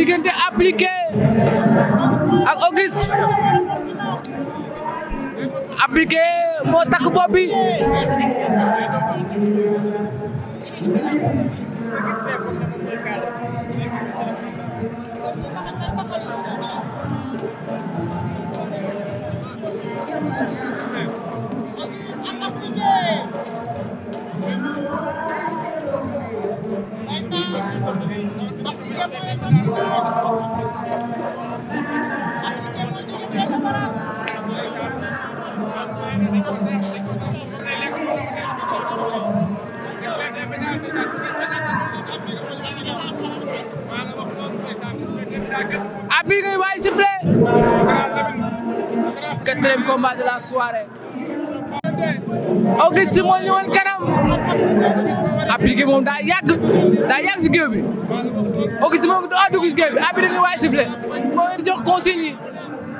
diggante appliqué ak Auguste appliqué moo takk bopp a bi ngay waay sifflé quatrième combat de la soirée Auguste moo ñu woon kanam appliqué moom daa si géew bi Auguste moom si géew bi a bi da moo ngi jox consigne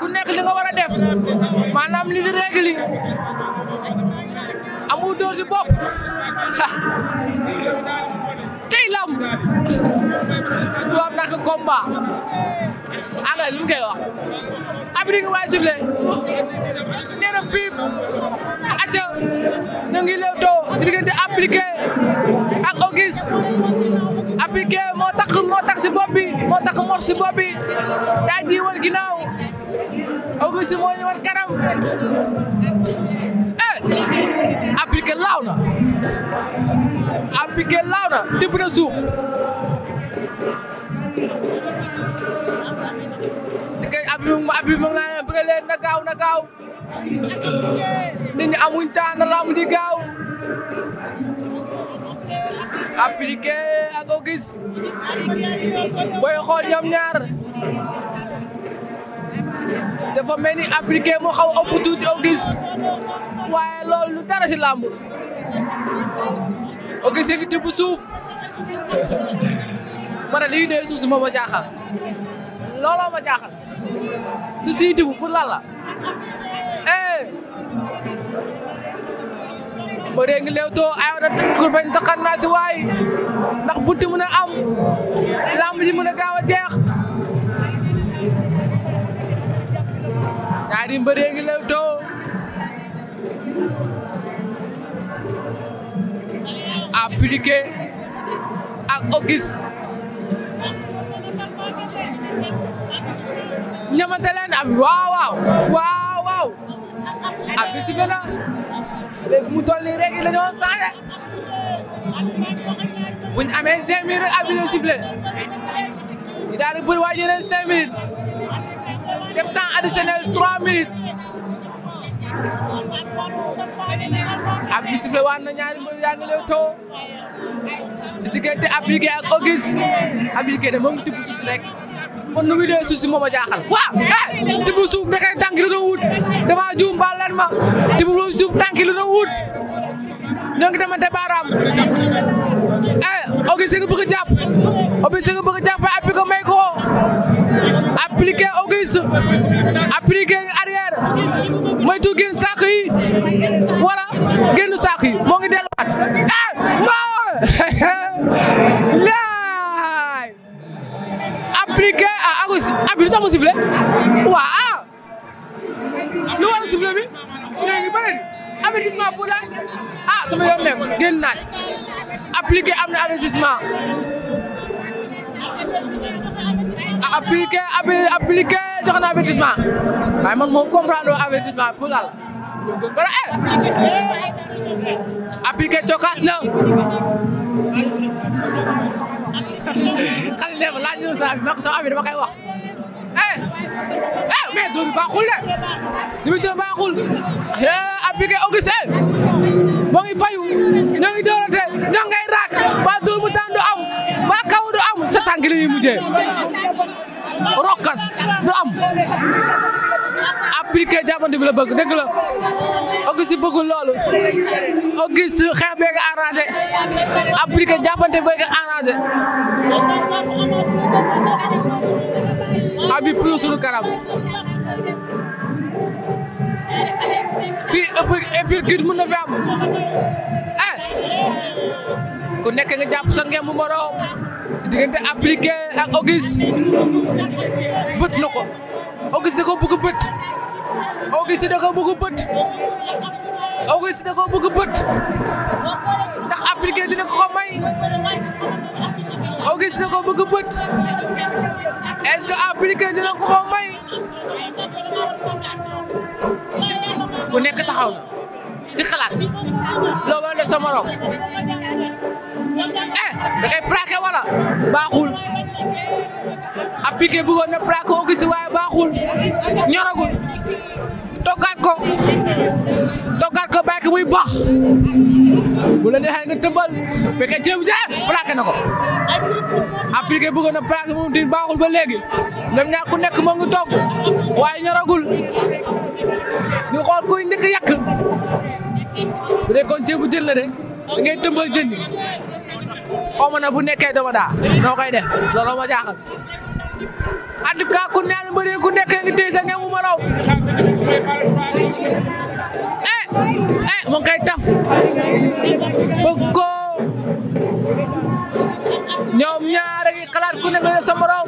ku nekk li nga war def maanaam li di règle li amul si bopp tey lam tubaab nak combat anglais lu koy wax abri ngi waay sifle nee na piip aca ñu ngi si diggante appliqué ak ogis appliqué moo takk moo takk si bopp bi moo takk mor si bopp bi daa ji Auguste moo ñu wan kanam eh appliqué laaw na tibb na suuf digg ab bi na gaaw na gaaw nit amuñ temps na laamu gaaw appliqué ak Auguste booy xool ñoom ñaar dafa mel ni appliqué mu xaw ëpp tuuti waaye loolu lu dara si làmb Auguste ngi tibb suuf ma ne lii dee suuf si moom jaaxal looloo jaaxal su siy tibb pour lan la eh ma dégg Leewtoo aywa da kur fañ naa si waay ndax bunti mën a am làmb ji mën gaaw a jeex. ñaari mbëre ngi lew too appliqué ak ogis ñamante leen ab waaw waaw waaw ah, bisibe la léegi fu mu toll nii rek dañoo buñ amee cinq minutes ab bi la sifflé ñu daal di bëri def temps additionnel 3 minutes. ab bi sifflé waat na ñaari mbër yaa ngi lay too si diggante appliqué ak Auguste appliqué da moo ngi tibb suuf si rek kon nu muy dee moom a jaaxal waaw eh tibb suuf nekkee tànk la doon wut juum baal leen ma tibb suuf tànk la doon wut ñoo ngi demante baaraam eh Auguste nga bëgg a jàpp Auguste nga a jàpp appliqué appliqué auguste appliqué arrière moytu génn saako yi wala génn saako yi moo ngi delluwaat ah eh, moo laay appliqué à auguste ah bi lu tax mu sifflé waaw ah! lu war a sifflé bi ñoo ngi bëri avertissement pour la ah sama yoon nekk génn naas appliqué am na avertissement. Ah, appliqué appliqué jox na avertissement waaye man moom comprendre loo avertissement eh. na. xale ne ma laaj na sa ma ko sama abi dama koy wax eh eh mais dóor bi baaxul de li muy dóor baaxul eh appliqué Augustin moo ngi fayu ñoo ngi dóorante ñoo ngay raak waa dóor mu tànk la ñuy mujjee rokkas am appliqué jàppante bi la bëgg dëgg la Auguste bëggul loolu Auguste xeex bee nga arrangé appliqué jàppante bee nga arrangé abi plus suñu kanam fii épicure mën na fi am eh ku nekk nga jàpp sa ngemb moroom ci diggante appliqué ak Auguste bët na ko Auguste da ko bëgg bët Auguste da bëgg bët Auguste da bëgg bët ndax appliqué dina ko ko may bëgg bët est-ce dina ko ko nekk taxaw na di xalaat loo war a eh da koy plaqué baaxul ab piqué bëggoon na plaqué Auguste waaye baaxul ñoragul toggaat ko toggaat ko bàyyi ko muy baax bu la neexee nga tëmbal bu fekkee ceeb na ko ab piqué bëggoon na plaqué moom baaxul ba léegi ñoom ñaar ku nekk moo ngi toog waaye ñoragul ñu xool kuy njëkk a yàq bu dee kon ceebu jën la da ngay tëmbal jën xaw ma na bu nekkee dama daa noo koy def loolu ma jaaxal en tout cas ku ñaari mbër yi ku nekkee ngi téye ma raw eh eh mu ngi koy taf bëgg ko ñoom ñaar a ngi xalaat ku def sa morom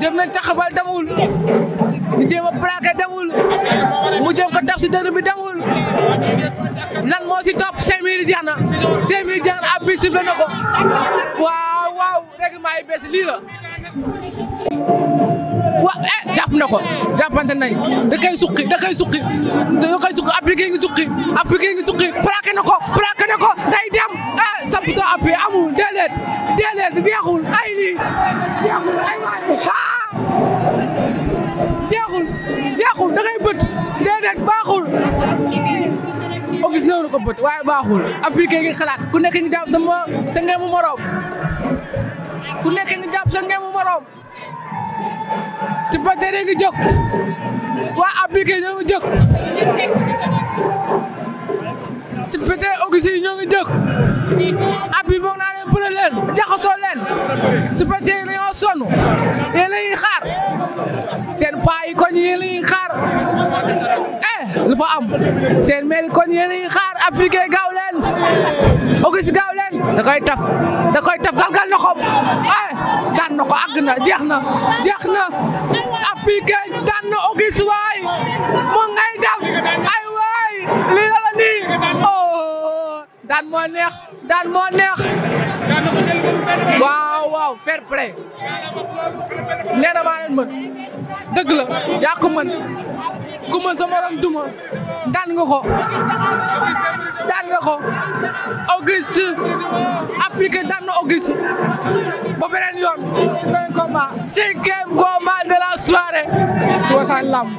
dem nañ taxabal demul di jéem a plaqué demul mu jëm ko taf si dënn bi demul lan moo si topp cinq minutes jeex na cinq minutes jeex na ab bi ko waaw waaw règlement yi bees lii la waa eh jàpp na ko jàppante da koy suqi da koy suqi da koy suqi appliqué ngi suqi appliqué ngi suqi plaqué na ko plaqué day dem ah samputoo appui amul déedéet déedéet jeexul ay lii làmbat waaye baaxul appliqué ngi xalaat ku nekk ngi jàpp sama sa ngeemu moroom ku nekk ngi jàpp sa ngeemu moroom ci batterie ngi jóg waa appliqué ngi jóg ci pété augusi ñoo ngi jóg ab bi moom naa leen bëre leen jaxasoo leen ci pété dañoo sonn xaar lu fa am seen mairie kon yéen xaar appliqué gaaw leen Auguste gaaw leen da koy taf galgal na ko ay eh, daan na ko àgg na jeex na jeex na appliqué daan na Auguste waay mu ngay def ay waay lii la nii oh daan moo neex waaw waaw fair play nee na maa leen mën dëgg la mën ku mën sa morom duma daan nga ko daan nga ko Auguste appliqué na Auguste ba beneen yoon beneen combat cinquième combat de la soirée ci Wassare Lamb